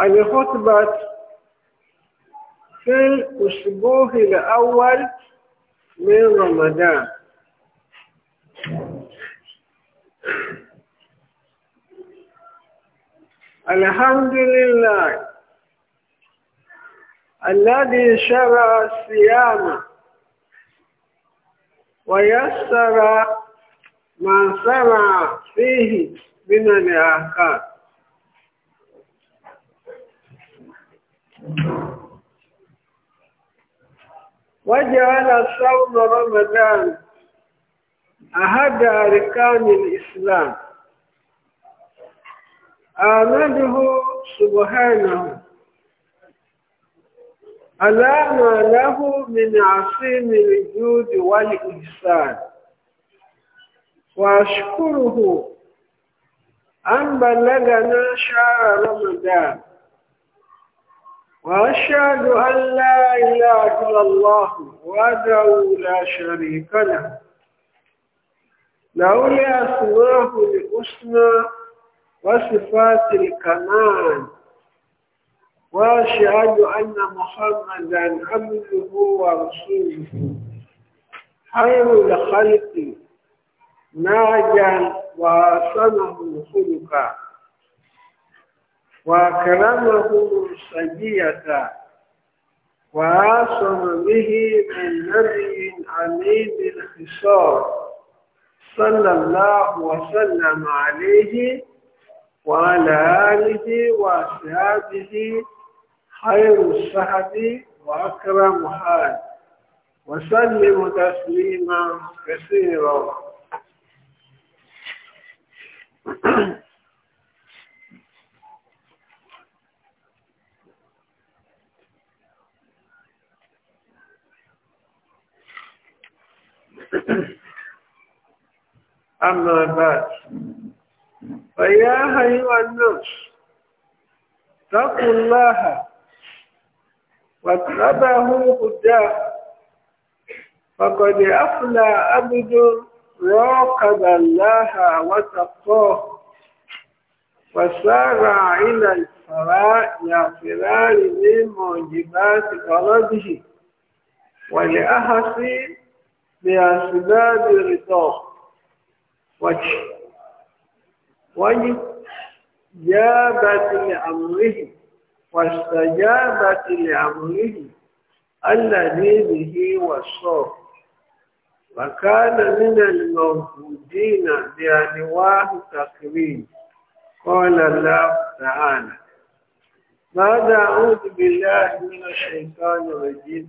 الخطبة في الأسبوع الأول من رمضان الحمد لله الذي شرع الصيام ويسر ما صنع فيه من الآخر وجعل صوم رمضان أحد أركان الإسلام آمده سبحانه على ما له من عصيم الجود والإحسان وأشكره أن بلغنا شهر رمضان وأشهد أن لا إله إلا الله وأدعو لا شريك له له الأسماء الحسنى وصفات الكمال وأشهد أن محمدا عبده ورسوله خير الخلق ناجا وحسنهم خلقا وأكرمه سجية وعاصم به من نبي عميد الخصار صلى الله وسلم عليه وعلى آله وأصحابه خير الصحب وأكرم حال وسلم تسليما كثيرا أما بعد فيا أيها الناس اتقوا الله واتبعوا هداه فقد أفلى عبد راقب الله وتقاه وسارع إلى الفرار من موجبات غضبه ولأحسن بأسباب الرضاخ وجه وجه جابت لأمره واستجابة لأمره الذي به وصاه وكان من الموجودين بأنواع تقريب قال الله تعالى ماذا أعوذ بالله من الشيطان الرجيم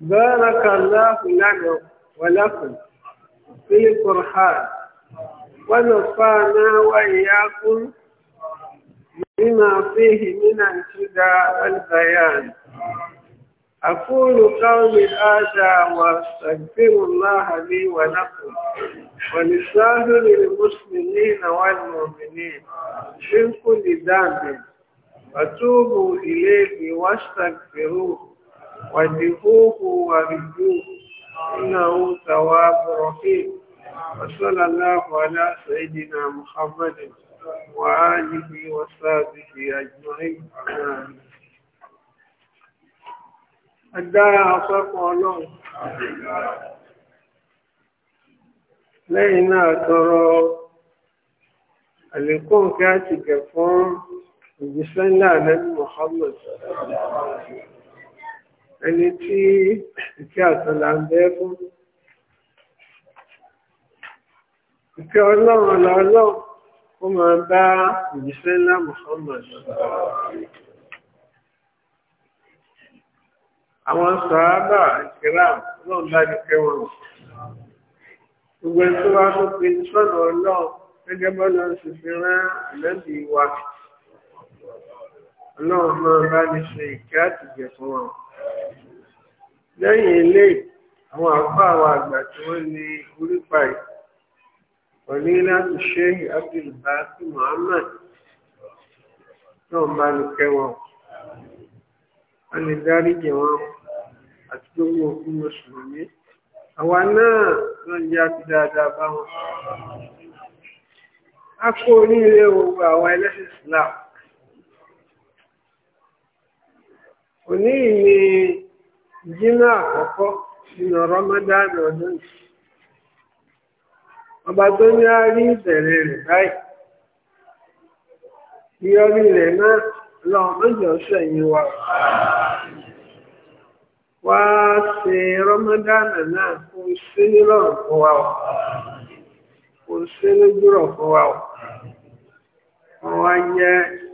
بارك الله لنا ولكم في القرآن ونفعنا وإياكم بما فيه من الهدى والبيان أقول قولي هذا وأستغفر الله لي ولكم ولسائر المسلمين والمؤمنين من كل ذنب وتوبوا إليه واستغفروه وجهوه ورجوه إنه ثواب رحيم وصلى الله على سيدنا محمد وآله وصحبه أجمعين أدعى أصحاب الله لينا ترى اللي يكون كاتب فور يسلم على محمد صلى الله عليه وسلم ẹni tí ìkẹ́ àtàlà ń bẹ́ fún ìkẹ́ ọlọ́run ọlọ́run ó máa bá ìjíṣẹ́ ńlá Muhammad àwọn sàábà ìkẹ́rà náà bá ní kẹwọn gbogbo ẹni tó wá tó pe sọ́nà ọlọ́run gẹ́gẹ́ bọ́lá ń sì fi rán àlẹ́bí wa ọlọ́run máa bá ní ṣe ìkẹ́ àtìjẹ fún wọn. lẹ́yìn ilé àwọn àgbà wa àgbà tí wọ́n ní orípa ẹ̀ ọ̀ní láti ṣe abdulbasi muhammad náà bá ní kẹwọn wọ́n lè dáríjì wọn àti gbogbo òkú mùsùlùmí àwa náà lọ́n jẹ́ àti dáadáa bá wọn. a kó oríire gbogbo àwa ẹlẹ́sìn islam òní ni. jimá àkọ́kọ́ nínú Ramadan ọdún yìí ọba tó ní á rí ìbẹ̀rẹ̀ rẹ̀ báyìí ìyọrí rẹ̀ náà wá Ramadan na fún wa o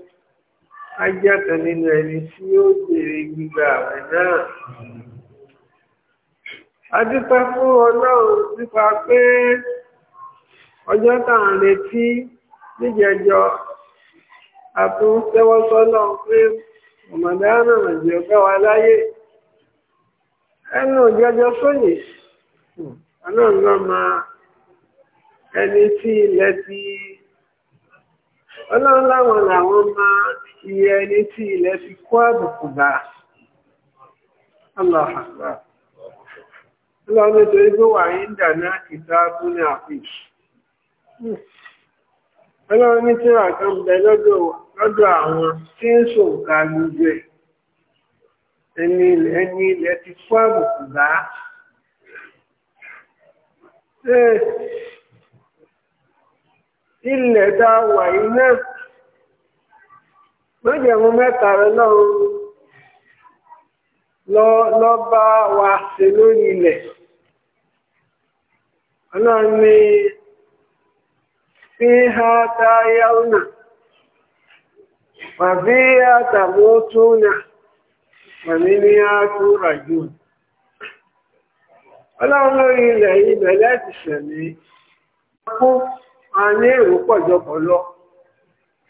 á jẹ́ kan nínú ẹni tí ó jèrè gbígba àwẹ̀ náà. a dúpẹ́ fún ọlọ́run nípa pé ọjọ́ tá à ń retí níjẹjọ àtún tẹ́wọ́ sọ́nà pé ọ̀mọ̀dáná nàìjíríà bá wa láyé ẹnu ìjọjọ sóyè ọlọ́run lọ́mọ ẹni tí ilẹ̀ ọlọ́run láwọn làwọn máa iye ẹni tí ilẹ̀ fi kó àbùkù bá ọlọ́run nítorí pé wà ní ní ní ilẹ̀ ti àbùkù bá ilẹ̀ tá a wà Ndị náà májẹ̀mú mẹ́ta rẹ lọ́rùn lọ bá wa ṣe lórí ilẹ̀ ọlọ́run ní fi ha ta ya wà fi ha tàbí ma túnà wà ní ní á túnra ọlọ́run lórí ilẹ̀ yìí bẹ̀rẹ̀ ti a ní èrò pọ̀jọpọ̀ lọ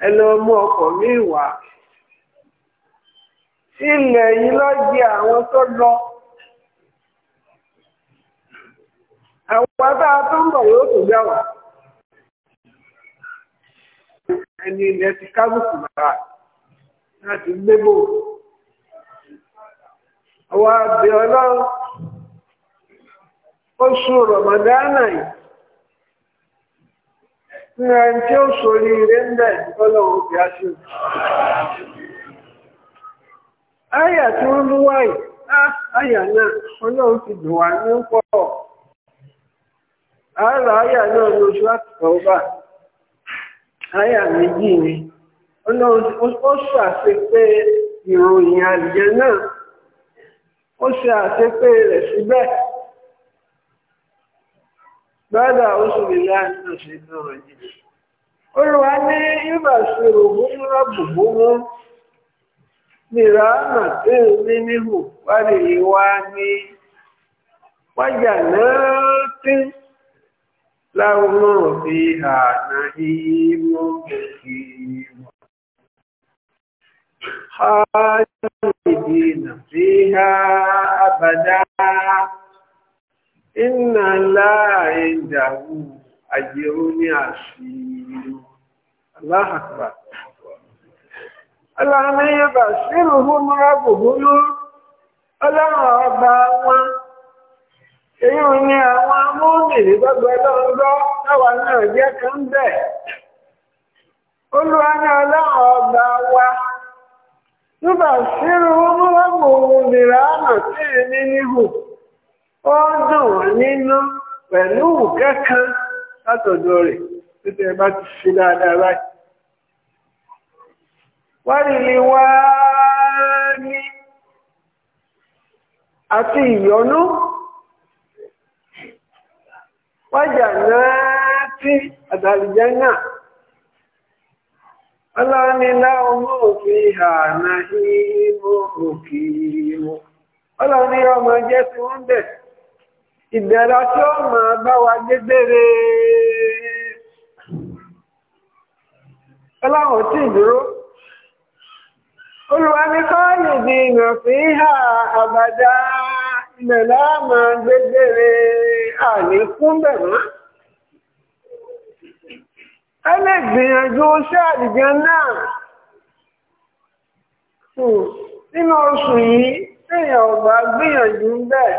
ẹ lọ mú ọkọ̀ mi ìwà ilẹ̀ yìí lọ jẹ àwọn tó lọ àwọn tá a tó ń bọ̀ yóò tó gbà wá ẹni ilẹ̀ ti kábùkù bàbá láti gbébò àwọn àbẹ̀ ọlọ́run oṣù rọ̀mọ̀dánà yìí. ní ẹni tí ó ire ń bẹ̀ ọlọ́run fi á sí. Àyà tí wọ́n mú wáyé, á àyà náà, ọlọ́run ti dùn wá ní pọ̀. Àárọ̀ àyà náà ní oṣù láti kọ̀ọ̀bà. Àyà méjì ni. Ọlọ́run ó ṣàṣe pé rẹ̀ síbẹ̀. Bọ́dà oṣù lè láàrin náà ṣe iná rẹ̀ yìí. Olùwà ní ìbà ṣe rògbòmù rábùgbòmù nìra náà tí ò ní níhù wárí ìwá ní wájà náà tí láwọn náà fi hànà iye mọ́ kí wọ́n. Hájú ìdí nà iná láàrin ìdàrú àjẹrò ní àṣírò aláhàkùbà aláàmẹ́yẹ̀bà sínú húnmọ́ra bòbóló ọlọ́run ọba wọn èyí ò ní àwọn amóhùnmìnì gbogbo ọlọ́run ọba wa nígbà sínú húnmọ́ra bòbóló nìra ọ̀nà tí èmi níhù ó dùn wọ́n nínú pẹ̀lú kẹ́kàn látọ̀dọ̀ rẹ̀ títẹ̀ bá ti ṣe dáadáa báyìí. wá ní àti ìyọnú wájà náà tí àtàlìjẹ́ náà ọlọ́nilá ọmọ òfin àná ìmọ̀ òkè ìmọ̀ ọmọ jẹ́ ìbẹ̀rẹ̀ tí ó mọ̀ bá wa gbégbére ọláwọ̀ tí ìdúró olùwàmíkọ́ọ̀lù di ìrọ̀fín ha àbàdá ìbẹ̀rẹ̀ àmà gbégbére ẹ lè gbìyànjú ṣáàdìjẹ náà hmm. nínú oṣù yìí èèyàn ọ̀gbà gbìyànjú bẹ́ẹ̀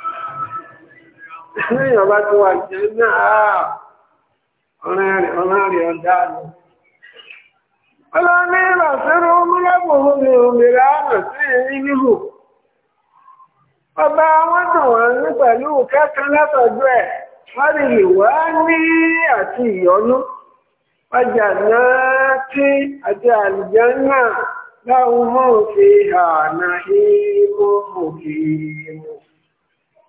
lẹ́yìn ọba tó wà jẹ́ náà ah, ọ̀rẹ́ rẹ̀ ọ̀dá sí ọba wọn dùn wọn ní pẹ̀lú kẹ́kẹ́ látọ̀jú ẹ̀ wọ́n lè wá ní àti ìyọnú ọjà náà tí àti àlùjẹ́ náà mọ́ òfin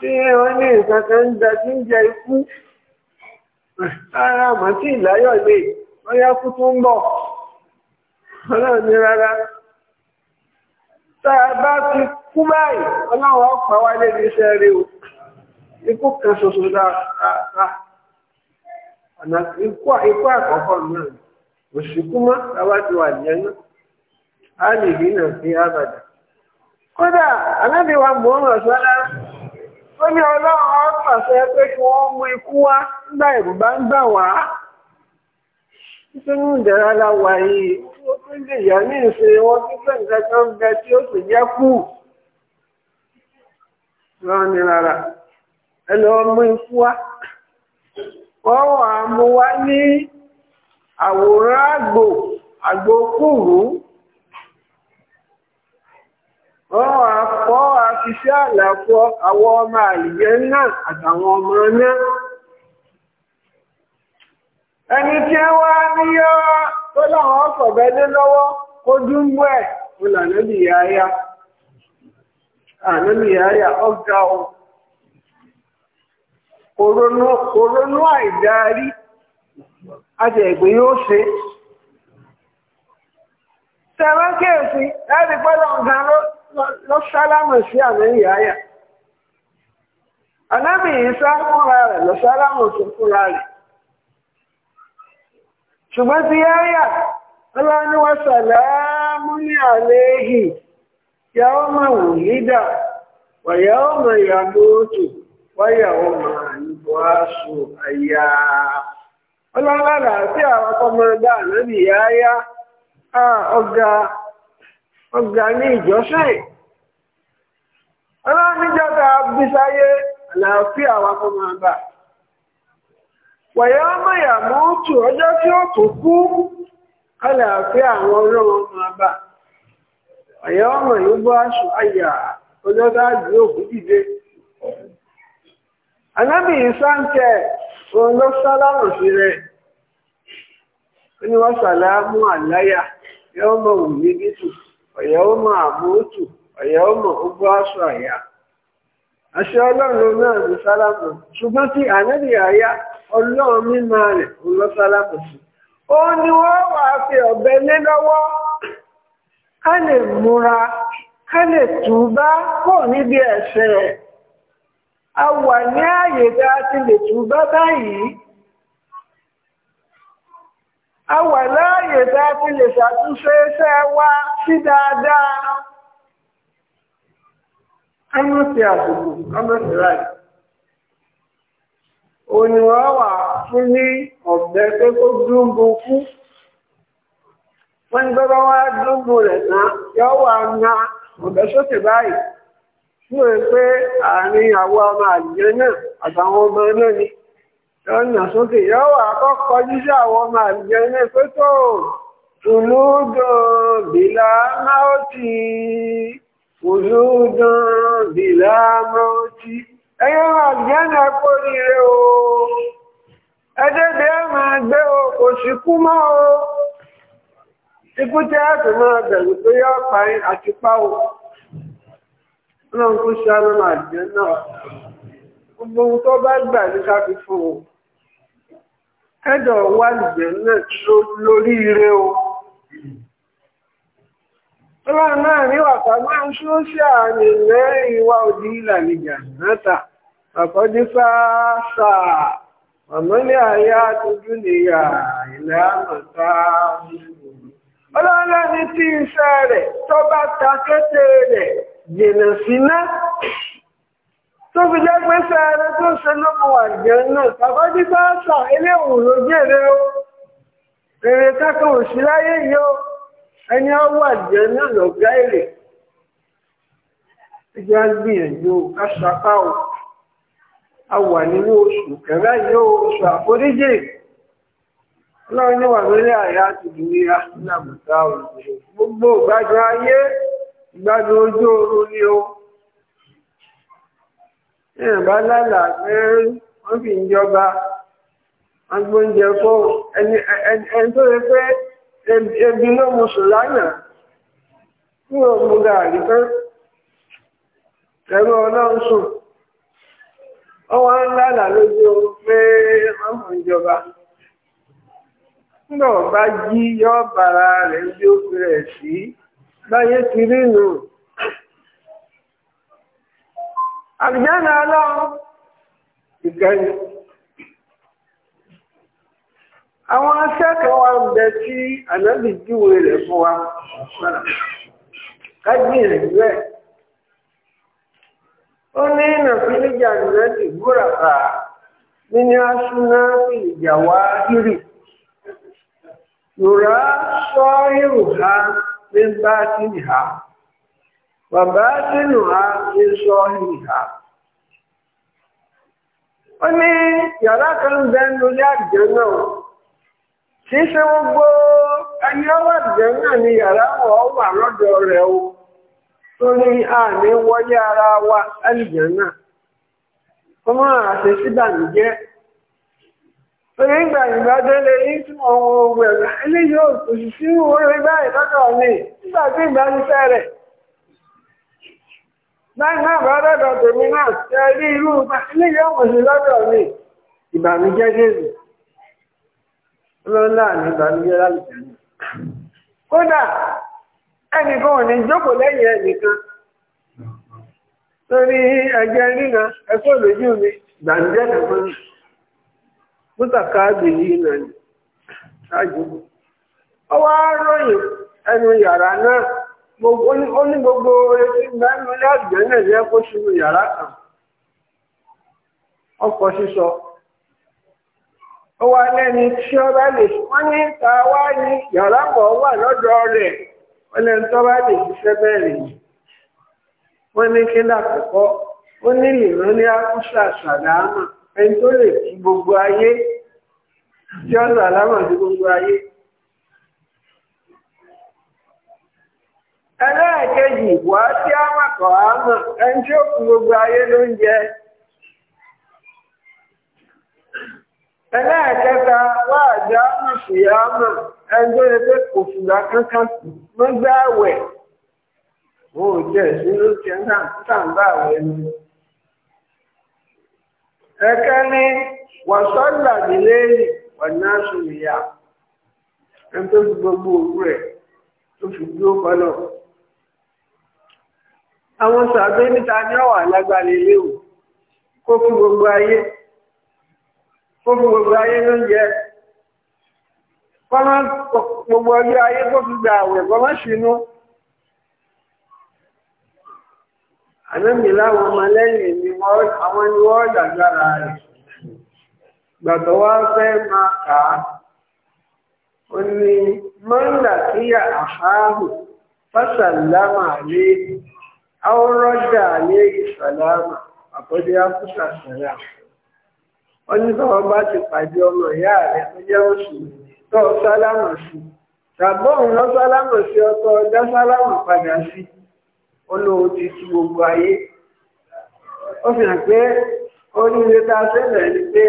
tí onye ní nǹkan ń da tí ń jẹ ikú ara mọ̀ tí ìláyọ̀ lè ọyá kú tó ń bọ̀ ọlọ́run rárá tá bá ti kú báyìí ọlọ́run ọ̀pá wálé ní iṣẹ́ rí o ikú kan ṣoṣo dáadáa ọ̀nà mọ́ ti wà onye ní ọlọ́run ọ pàṣẹ pé kí wọ́n mú ikú wá nígbà ẹ̀rù bá ń wà yìí ó tún lè ní ìṣe wọn tí pé nǹkan tí wọ́n wá fọ́ afiṣẹ́ àlàfo àwọn ọmọ àlìyẹ náà àtàwọn ọmọ náà. ẹni tí wá níyọ́ tó láwọn ọ̀fọ̀bẹ lé lọ́wọ́ kó dúnbú ẹ̀ mo lànà nìyáyá àná o lọ sálámù sí àmì yáyà anábì Ìsá fúnra rẹ̀ lọ sálámù sí fúnra rẹ̀ ṣùgbọ́n ti yáyà ọlọ́niwọ̀ sàlámù ní àléhì yàwó mọ̀ wùlídà wàyàwó mọ̀ ìyàmóòtù wáyàwó mọ̀ àyíbọ̀ aṣọ àyà ọlọ́lára àti àwọn ọmọ ẹgbẹ́ ànábì yáyà ah, ọgá ọgbà ní ìjọsìn ọlọ́nìjọba àlàáfíà wa ma máa bà wọ̀yá mọ̀yà mọ́ọ̀tù ọjọ́ tí ó tó kú àlàáfíà àwọn ọlọ́wọ́n ma bà wọ̀yá ọmọ yìí aṣọ òkú dìde anábì òun ló sálámù sí rẹ ó ní sàlámù àláyà òun ní ọ̀yàwọ́mọ̀ àmóòtù ọ̀yàwọ́mọ̀ ogbó aṣọ àyà aṣọ ọlọ́run náà ní sálámù ṣùgbọ́n tí ọlọ́run mímọ́ rẹ̀ ń lọ sálámù sí a a wà láàyè tá a fi lè ṣàtúnṣe iṣẹ́ wa sí dáadáa amọ̀sí àdúgbò amọ̀sí láì òní wọ́n wà fún ní ọ̀bẹ pé kó dúnbù fún wọ́n ní bọ́bá wá dúnbù rẹ̀ náà yọ́ wà ná ọ̀bẹ sókè báyìí fún ẹ pé àárín àwọn ọmọ àjẹ́ náà àtàwọn ọmọ náà ni lọ́nà sókè yọ́wà àkọ́kọ́ jíṣẹ́ àwọn ọmọ àjẹ́ ní pẹ́tò tùlúdùn bìlá máòtì tùlúdùn bìlá máòtì ẹ̀yọ́ àjẹ́ ní ẹ̀kọ́ rire o ẹ̀dẹ́gbẹ́ máa gbé o kò sí kú mọ́ o ikú tẹ́ ẹ̀tù máa bẹ̀rù pé yọ́ parí àti páwò ọlọ́run kú sí alọ́nà àjẹ́ náà gbogbo ohun tó bá gbà ní ká fi fún o. ẹ̀dọ̀ wà lùgbẹ̀ náà lórí ire o ọlọ́run náà ní wàtà máa ń ṣó sí àmì lẹ́yìn ìwà òdì ìlànìjà náà àkọ́dí àmọ́ ọ̀mọ́lẹ́ àyà tójú nìyà ìlà àmọ̀ta ọlọ́run ní tí iṣẹ́ rẹ̀ ta rẹ̀ jìnà tó fi jẹ́ pé sẹ́ẹ̀rẹ́ tó ṣe lókun àjẹ́ náà bàbá ní bá sà eléwùn ló jèrè o èrè kankan ò sí láyé yìí o ẹni ọwọ́ àjẹ́ náà lọ́gá èrè ẹjẹ́ á gbìyànjú kásápá o a wà nínú oṣù kẹrẹ yìí o oṣù àforíjì ọlọ́run ní wà lórí ìrìnbá lálà pé wọ́n fi ń jọba wọ́n gbóúnjẹ kó ẹni tó yẹ pé ebi ló mu sùn lánàá tí wọ́n mu gàrí pé ẹ̀rọ ọlọ́run sùn wọ́n wá ń lálà lójú pé wọ́n fi ń jọba nígbà wọ́n bá jí yọ́ bàrà rẹ̀ bí ó fi rẹ̀ sí báyé ti rí nù. àlùjáde ọlọ́run ìkẹyìn àwọn akẹ́kọ̀ọ́ wa tí ànábì júwe rẹ̀ fún wa kájìrì rẹ̀ ó ní nàfílíjà nìrẹ́tì búràkà nínú asúná ìjà wá hírì yòrá sọ hírù ha ní bá sí ha. wàbáṣínú ha ti sọ ìhà. ó ní yàrá kan bẹ́ẹ̀nu ní àjẹ́ náà tí ṣe gbogbo ẹni ọwọ́ àjẹ́ náà ni yàrá wọ́n wà lọ́dọ̀ rẹ̀ o tó ní àní wọ́yé ara wa àjẹ́ náà ó àṣẹ tí Láìná àbádọ́dọ̀ tèmi náà ṣe rí ilé lọ́dọ̀ mi. Kódà, ẹnìkan ò ní jókòó lẹ́yìn ẹnìkan. Torí ẹ̀jẹ̀ rína, ẹ̀kọ́ lójú mi, ròyìn ẹnu yàrá náà. ó ní gbogbo etí gbẹ́nu ilé àgbẹ̀nà yẹ kó ṣubú yàrá kan ọkọ̀ sísọ ó wá lẹ́ni tí ó bá lè wọ́n ní ta wá ní yàrá kan wà lọ́dọ̀ rẹ̀ wọ́n lẹ́ni tó bá lè ṣiṣẹ́ bẹ́ẹ̀ rè wọ́n ní kí lákòókò ó ní ìran ní akúṣà sàdámà ẹni tó lè fi gbogbo ayé tí ó sàlámà sí gbogbo ayé. ẹlẹ́ẹ̀kejì wá sí àmàkọ̀ àmọ̀ ẹni tí ó gbogbo ayé ló ń jẹ ẹlẹ́ẹ̀kẹta wá àjá àmọ̀ fìyà àmọ̀ ẹni tó kankan ló gbá àwẹ̀ wọn ò jẹ́ ìṣúná tí ẹ náà sàǹbà àwẹ̀ ni ẹ̀kẹ́ ni wàsọ́là wà ọ̀nà àwọn sàbẹ níta ní ọwà lágbàlẹ léwu kó fún gbogbo ayé kó fún gbogbo ayé ló ń jẹ kọ́mọ́ gbogbo ọjọ́ ayé kó fi gba àwẹ̀ kọ́mọ́ sínú. àlẹ́mì láwọn ọmọ lẹ́yìn ni àwọn ni wọ́n dàgbára rẹ̀ gbàtọ̀ wá fẹ́ máa kà á ó ní mọ́ńdà kíyà àháhù fásàlámà lé àwọn rọ́jà ní ìsàlámà àkọ́dé áfíríkà sàrà wọ́n ní báwọn bá ti pàdé ọmọ ìyá rẹ̀ tó jẹ́ oṣù tó sálámà sí tàbí òun lọ sálámà sí ọkọ ọjọ́ sálámà padà sí olóhùn ti tú gbogbo ayé ó fi hàn pé oríire tá a ṣẹlẹ̀ ni pé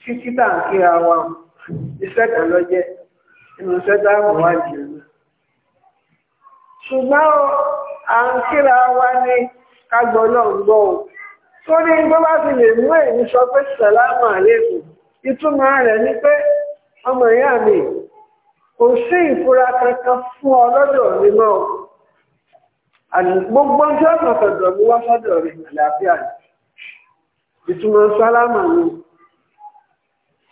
títí tà ń kíra wa iṣẹ́ kan lọ jẹ́ inú iṣẹ́ tá a mọ̀ wá jù ú ṣùgbọ́n à ń kíra wa ní kágbọ́ náà ń gbọ́ o torí gbọ́ bá ti lè mú èyí sọ pé sàlámù àlékún ìtumọ̀ rẹ̀ ni pé ọmọ ìyá mi kò sí ìfura kankan fún ọ lọ́dọ̀ mi mọ́ gbogbo tí ó sọ sọ̀dọ̀ wá sọ́dọ̀ rẹ̀ àlàáfíà ìtumọ̀ sálámà ni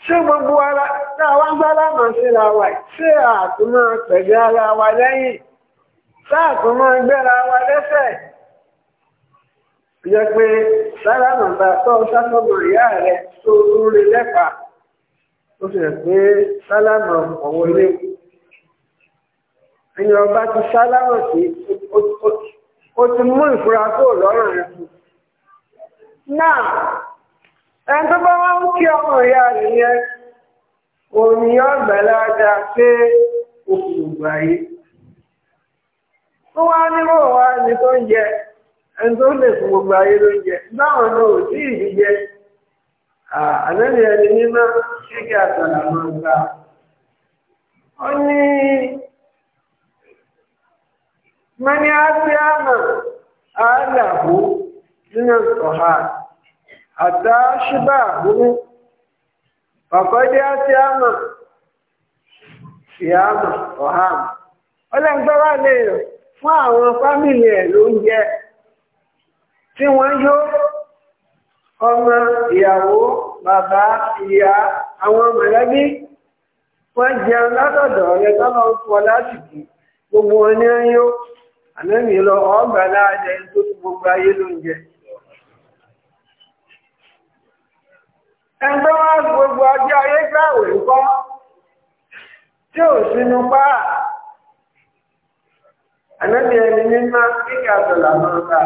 ṣé gbogbo ara náà wá sálámà síra wa ṣé àtúmọ̀ pẹ̀lú ara wa lẹ́yìn sáàtún máa gbéra wa lẹ́sẹ̀ jẹ́ pé sára màmá tó sátọ́mọ̀ ìyá rẹ̀ tó rúre lẹ́pa ó sì rẹ̀ pé sálámà ọ̀wọ́ ilé ẹni ọba ti sálámà sí o ti mú ìfura kó lọ́rùn rẹ̀ fún náà ẹni tó bá wá ń kí ọmọ ìyá rẹ̀ yẹn òun ni ọgbà ládàá pé òkùnkùn gbà yìí. tó wá nírò wá ẹni tó ń jẹ ẹni lè fún gbogbo ayé ló ń jẹ dáwọn náà ò tí ì jẹ àlẹ́lẹ́ ẹni níná ṣéke àtàlà máa gbà ó ní mẹ́ni ápíámà àálàbò nínú ọ̀há àtàṣíbà àbúrú ọ̀há ọlẹ́gbẹ́ wà lè fún àwọn fámìlì ẹ̀ lóúnjẹ tí wọ́n yó ọmọ ìyàwó bàbá ìyá àwọn mọ̀lẹ́bí wọ́n jẹun látọ̀dọ̀ rẹ̀ tọ́lọ ń fọ lásìkò gbogbo wọn ní yó àmẹ́mì lọ ọgbà láàjẹ tó ti gbogbo ayé lóúnjẹ ẹgbẹ́ wá gbogbo ayé gbàwẹ̀ ń kọ́ tí ò sínú páà ànábì ẹni mímá kíkà àtọ̀là máa bá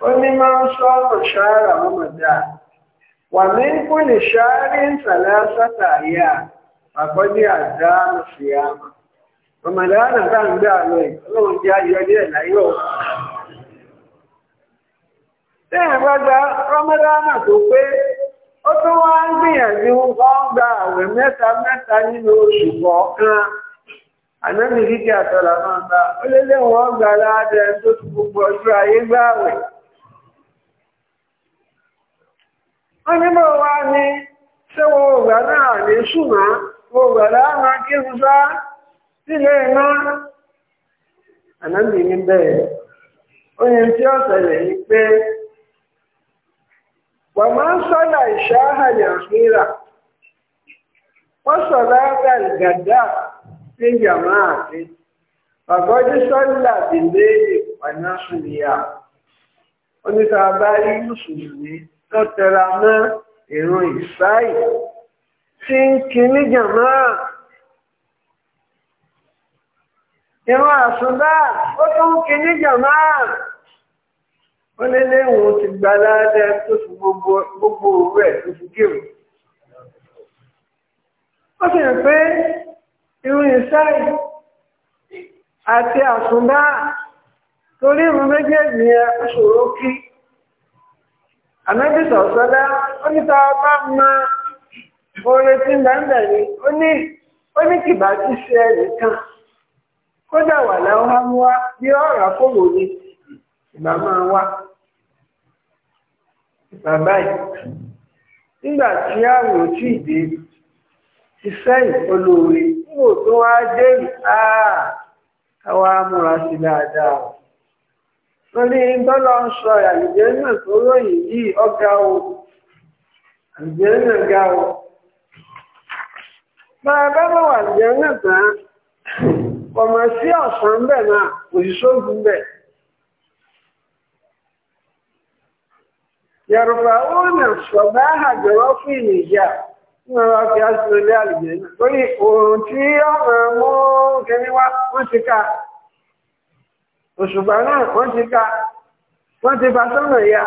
ó ní máa ń sọ ọ̀nà ṣáárà mọ́mọ́dá wà ní kú lè ṣáárí ìsàlẹ̀ sátà yá àkọ́jú àdáàmù sí àmà mọ̀mọ́dá náà bá ń gbé àlọ́ ìkọlọ́run jẹ́ ayọ́dí na láyọ̀ ànábì kíkẹ́ àtọ̀là máa gba ó lé léwọ̀n ọgbà aládẹ tó Onye gbogbo ọjọ́ ayé gbáwẹ̀. wọ́n ní bó wá ní ṣé wo ògbà náà ní ṣùgbọ́n wo ògbà láàmú akíkun sá sílé iná. ànábì ní bẹ́ẹ̀ tí ó pé wọ́n máa sí yàmá àti àgọ́jú sọ́là délé ìpàná ìyá oníta bá rí mùsùlùmí tó tẹra mọ́ ìrun ìsáì tí ń kíní jàmá ìrun àsùnbà ó tún kíní jàmá ó lé léwu ti gba ládẹ tó fi gbogbo rẹ̀ tó fi kéwù ó sì rìn pé fajari àti àsùnbá torí ìrun méjèèjì yẹn ṣòro kí ànábì sọ̀sọ́lá ó ní bá ma oore tí gbàǹdà ni ní ó ní kìbá tí ṣe ẹnìkan kódà wà bí ọ̀rọ̀ àkóbò ní ìgbà máa wá bàbá yìí nígbà tí tí iṣẹ́ ìpolówó ìwò tó wá dé ìtàá ah, káwá múra sí dáadáa Ní bọ́lá ń sọ àlùjẹ́ náà tó ròyìn yìí ọ̀gá o àlùjẹ́ náà ga o bá bá wà àlùjẹ́ náà tán kọ̀mọ̀ sí ọ̀sán bẹ́ẹ̀ náà òṣìṣógun bẹ́ẹ̀. yàrùbá ó nà sọ̀bá Ìrọ̀rọ̀ kí a ṣe ilé àlìyé náà. Torí òòrùn tí ọmọ mú kẹni wá, wọ́n ti ká. Òṣùpá náà, wọ́n ti ká. Wọ́n ti bá sọ́nà ya.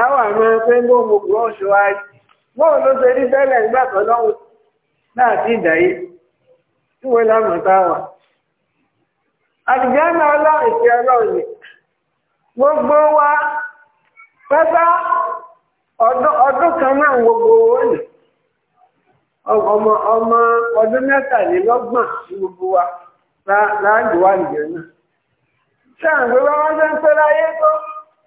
A wà máa pé gbogbo ọ̀ṣù ayé. Bóòlù ló ṣe rí tẹ́lẹ̀ nígbà tó lọ́wọ́ láti ìdáyé. Ìwé lọ́nà táwà. Àdìjẹ́ náà ọlọ́run ti ọlọ́run ni. Gbogbo wa pẹ́pẹ́ ọdún kan náà gbogbo owó ọmọ ọmọ ọdún mẹ́tàlélọ́gbọ̀n sí gbogbo wa láàjò wà nìyẹn náà bá wá ń pẹ́ láyé tó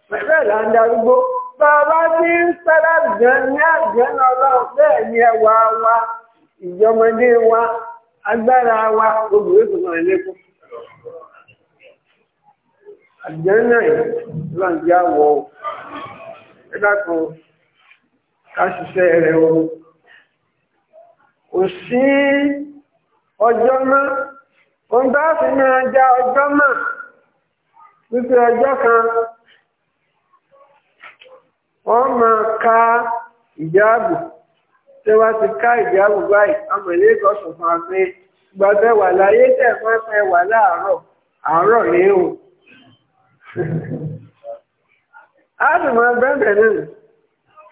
bẹ́ẹ̀ là ń darúgbó a ń pẹ́ lágbọ́n ní àgbọ́n ọlọ́run bẹ́ẹ̀ ni ẹwà wa ìjọmọdé wa agbára wa gbogbo náà náà ló ń já wọ̀ ọ́ ẹ dákun. káṣiṣẹ́ rẹ̀ o kò sí ọjọ́ mọ́ ohun bá fi máa já ọjọ́ mọ́ wípé ọjọ́ kan wọ́n ma ka ìjábù, tí wọ́n ti ká ìjábù báyìí ọmọ ilé ìkọsùn fún abẹ́ gbọ́dọ̀ wà láyé fún ẹ̀fẹ́ wà láàárọ̀ a sì máa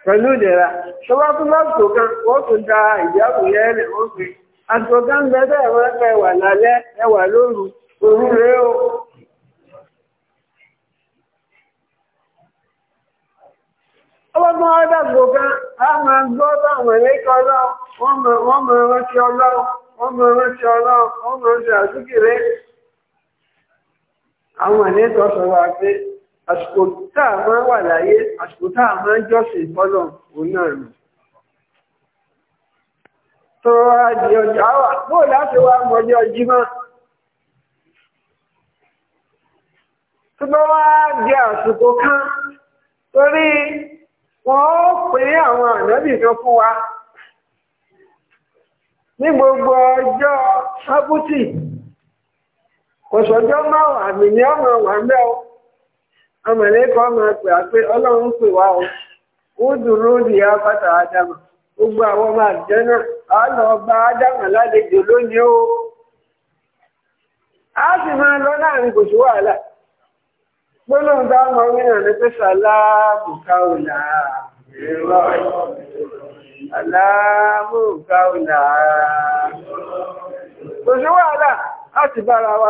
pẹ̀lú ìdẹ̀ra ṣọba tó lásìkò kan wọ́n tún da ìyàwó wọ́n pè àsìkò kan bẹ wọ́n pẹ́ wà lálẹ́ ẹ wọ́n àtúkìrẹ́ àwọn àsìkò tá a wà láyé àsìkò tá a jọ́sìn tó wá di ọjà bóò láti wá mọjọ́ jímọ̀. tó bá wá di àsìkò kán torí wọ́n ó àwọn ànábì kan fún wa ní gbogbo ọjọ́ sábútì kò máa wà wà ọmọlẹ́kọ̀ọ́ máa pè á pé ọlọ́run pè wá o ó ádámà gbogbo àwọn ọmọ àjẹ́ náà á lọ bá ádámà lálejò lónìí o á sì máa lọ láàrin kò sí wàhálà gbólóhùn bá mọ orí ní pé sàlámù káòlà sàlámù káòlà kò sí wàhálà á sì bára wa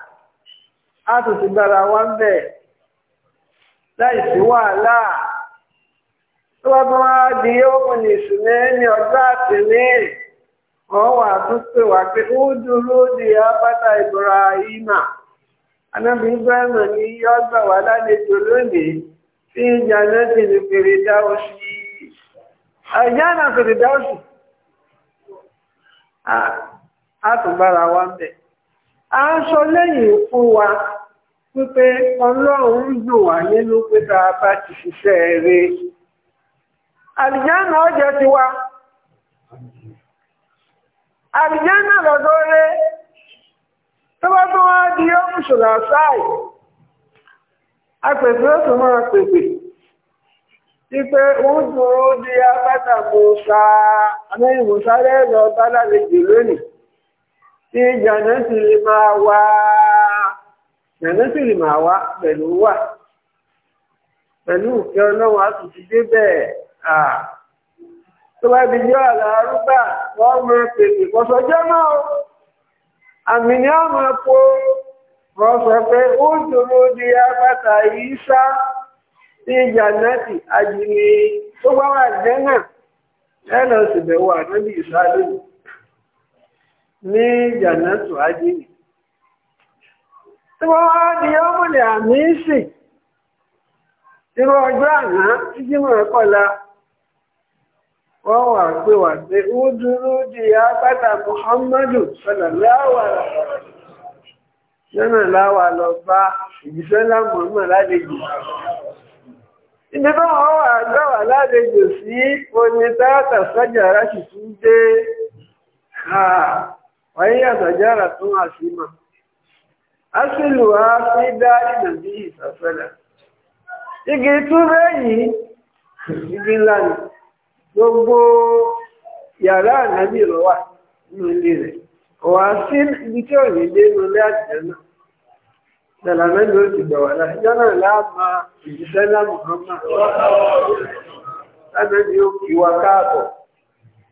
á tún ti gbára wá ń bẹ̀ láì wàhálà tó bá wá di yóò ní ìsúná ní ọjọ́ àtìní wọ́n wà tún pè di abáta Ibrahima anábì Ibrahim ní yọ́ gbà lálejò lónìí tí ìjànà ti fèrè dá oṣù fèrè dá oṣù a ń sọ lẹ́yìn fún wa wípé ọlọ́run ń dùn wá nínú pé tá a bá ti ṣiṣẹ́ eré àlìjánà ọjọ́ ti wá àlìjánà lọ́dọ́ rẹ tó bá tó wá di ọ́mùsùlá sáì apẹ̀fẹ́ ó tún máa pèpè wípé ó dúró di apáta mọ̀ọ́sá amẹ́yìn mọ̀ọ́sá bá lálejò lónìí tí jàǹdẹ́sì ma máa pẹ̀lú wà pẹ̀lú ìfẹ́ ọlọ́run àtúntí débẹ̀ à tó bá di yọ àlàárúgbà wọ́n mọ pèpè kọ́sọ́jọ́ náà àmì ni po wọ́n di yìí sá sí tó bá wà jẹ́ náà ẹ lọ ní yànàtù ajínigbé tí wọ́n wá di ọmọlẹ̀ àmì ìsì irú ọjọ́ àná tí jímọ̀ ẹ̀kọ́lá wọ́n wà pé wà pé ó dúró di apáta Muhammadu sọ̀dọ̀ láwà lọ́nà láwà lọ bá ìjíṣẹ́ lámọ̀ọ́mọ̀ lálejò ibi tó wọ́n wà gbọ́wà lálejò sí oní sọ́jà ráṣì tún dé wáyé àtàjára tó wà sí mà asìlù á fi dá ìnàbí ìsàfẹ́lẹ̀ igi túbẹ̀ yìí igi ńlá ni gbogbo yàrá ànábì lọ wà nínú ilé rẹ̀ wà sí ibi tí ò ní dé inú ilé àtijọ́ náà dàlà mẹ́lú ó ti gbọ̀wà láti jọ́nà láàmà ìjíṣẹ́ lámùhàn máa ni ó kí wa káàbọ̀.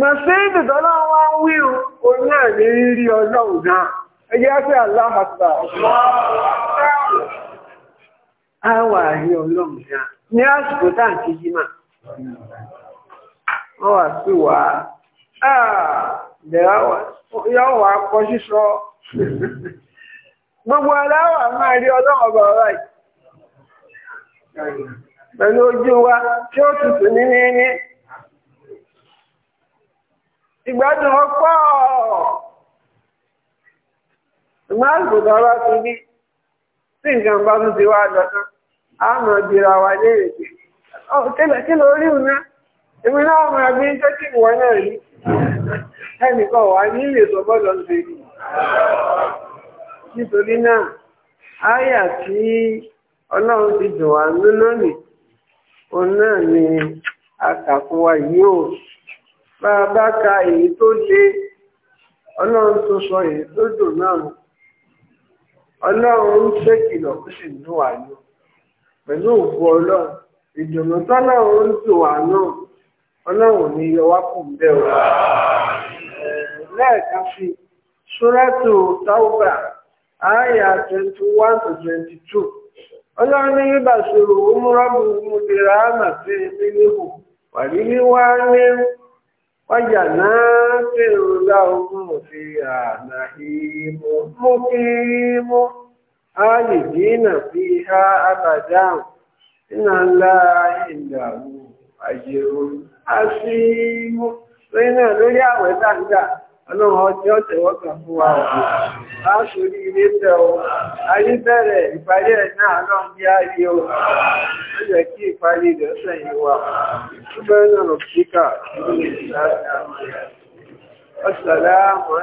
Màṣíìdì tọ́lá wá ń wíru, òun náà ní rírí ọlọ́run náà. Ẹgbẹ́ A wà rí Ní táà Wọ́n wà sí wà á. Yọ́ wà kọ Gbogbo aláwà máa rí Pẹ̀lú ojú wa tí ó tutù ìgbádùn ọpọ́ ṣùgbọ́n àgbòdò ọba ti ní tí nǹkan bá ti wá dọ̀tán a mọ̀ jìra wa léèrè kí ló rí èmi náà mọ̀ náà rí ẹnìkan wà ní ilé ń nítorí náà tí ọlọ́run ti lónìí òun náà ni wa yìí ó bá a ka èyí tó le ọlọ́run tó sọ èyí tó dùn náà nù ọlọ́run ń ṣèkìlọ̀ ó sì dùn wá ní pẹ̀lú òkú ọlọ́run ìdùnnú tọ́lọ́run ń dùn wá náà ọlọ́run ní yọ wá kù bẹ́ẹ̀ o lẹ́ẹ̀kan sí ṣúrẹ́tù twenty one to twenty two ọlọ́run ní bíbà ṣòro ó ọjà náà tí ń lá ogún fi àná ìmú mú kí mú ha lè dínà fi ha àbàdáhùn iná ńlá ìdààmú àjẹrò ha si mú lórí lórí ọlọ́run ọjọ́ tẹ̀wọ́kàn fún wa ọ̀ láàṣorí ilé tẹ́ o ayé bẹ̀rẹ̀ ìparí ẹ̀ náà lọ́n bí ayé o ó yẹ kí ìparí ìdọ́sẹ̀ yìí wà ṣùgbọ́n náà